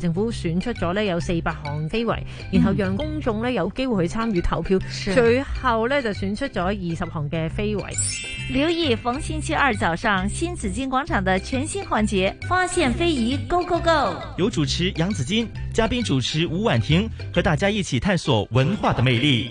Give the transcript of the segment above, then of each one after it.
政府選出咗呢有四百項非遺，然後讓公眾呢有機會去參與投票，嗯，是啊、最後呢就選出咗二十項嘅非遺。留意逢星期二早上新紫荊廣場的全新環節——發現非遺，Go Go Go！有主持楊子矜，嘉賓主持吳婉婷，和大家一起探索文化的魅力。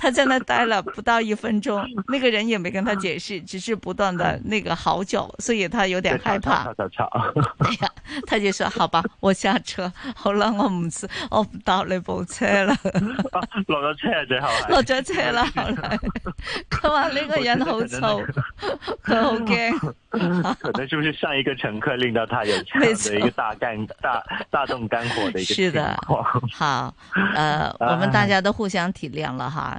他在那待了不到一分鐘， 那個人也沒跟他解釋，只是不斷的那個嚎叫，所以他有點害怕。吵吵吵，吵吵吵！哎呀、啊，他就說：“ 好吧，我下車，好我不吃我不了，我唔、 啊，我唔搭你部車了。”落咗車啊，最後啊。落咗車了後來，佢話那個人好臭，佢好驚。可能是不是上一個乘客令到他有產生一個大干錯大大動肝火的一個情況是的，好，呃，唉我們大家都互相體諒了哈。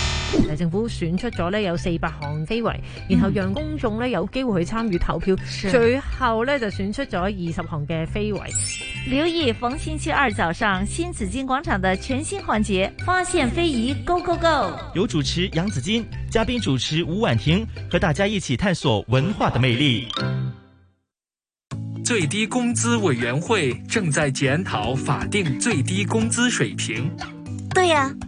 政府選出咗咧有四百項非遺，然後讓公眾咧有機會去參與投票，嗯、最後咧就選出咗二十項嘅非遺。留意逢星期二早上新紫荊廣場的全新環節——發現非遺，Go Go Go！有主持楊子矜，嘉賓主持吳婉婷，和大家一起探索文化的魅力。最低工資委員會正在檢討法定最低工資水平。對呀、啊。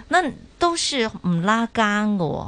那都是唔拉更嘅。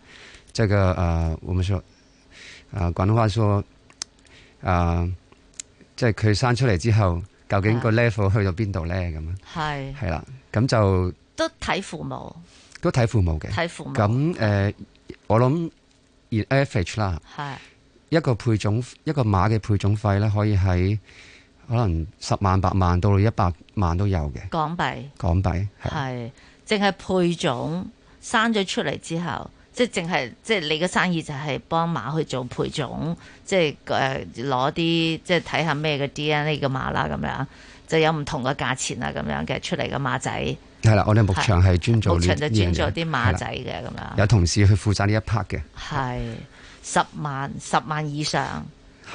即係、這個誒、啊，我們說，誒、啊、廣東話說，誒、啊，即係佢生出嚟之後，究竟個 level 去到邊度咧？咁啊是，係係啦，咁就都睇父母，都睇父母嘅。睇父母。咁誒，呃、是的 我諗 average 啦，係是的 一個配種一個馬嘅配種費咧，可以喺可能十萬、八萬到一百萬都有嘅。港幣，港幣係，淨係配種生咗出嚟之後。即係淨係即係你個生意就係幫馬去做配種，即係誒攞啲即係睇下咩嘅 DNA 嘅馬啦咁樣，就有唔同嘅價錢呀咁樣嘅出嚟嘅馬仔。係啦對，是我哋牧場係專做呢啲嘢，專做啲馬仔嘅咁了樣。有同事去負責呢一 part 嘅。係十萬，十萬以上。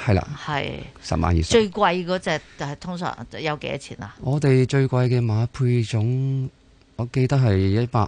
係啦了。係是。十萬以上。是最貴嗰隻就係通常有幾多錢啊？我哋最貴嘅馬配種，我記得係一百。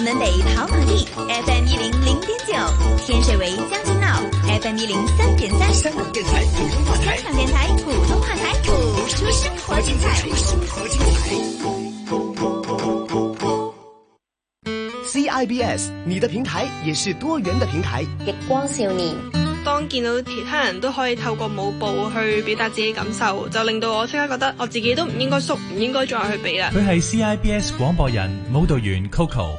屯門北跑馬地 FM 一零零點九，天水圍將軍澳 FM 一零三點三，香港電台普通話台，播出生活精彩。C I B S 你的平台也是多元的平台。逆光少年，當見到其他人都可以透過舞步去表達自己感受，就令到我即刻覺得我自己都唔應該縮，唔應該再去比啦。佢係 C I B S 廣播人舞蹈員 Coco。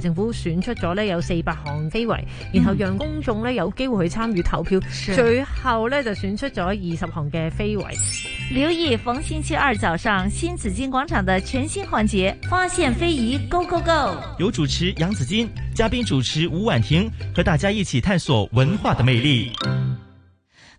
政府選出咗呢有四百項非遺，然後讓公眾呢有機會去參與投票，嗯、最後呢就選出咗二十項嘅非遺。啊、留意逢星期二早上，新紫荊廣場的全新環節——發現非遺，Go Go Go！由主持楊子矜，嘉賓主持吳婉婷，和大家一起探索文化的魅力。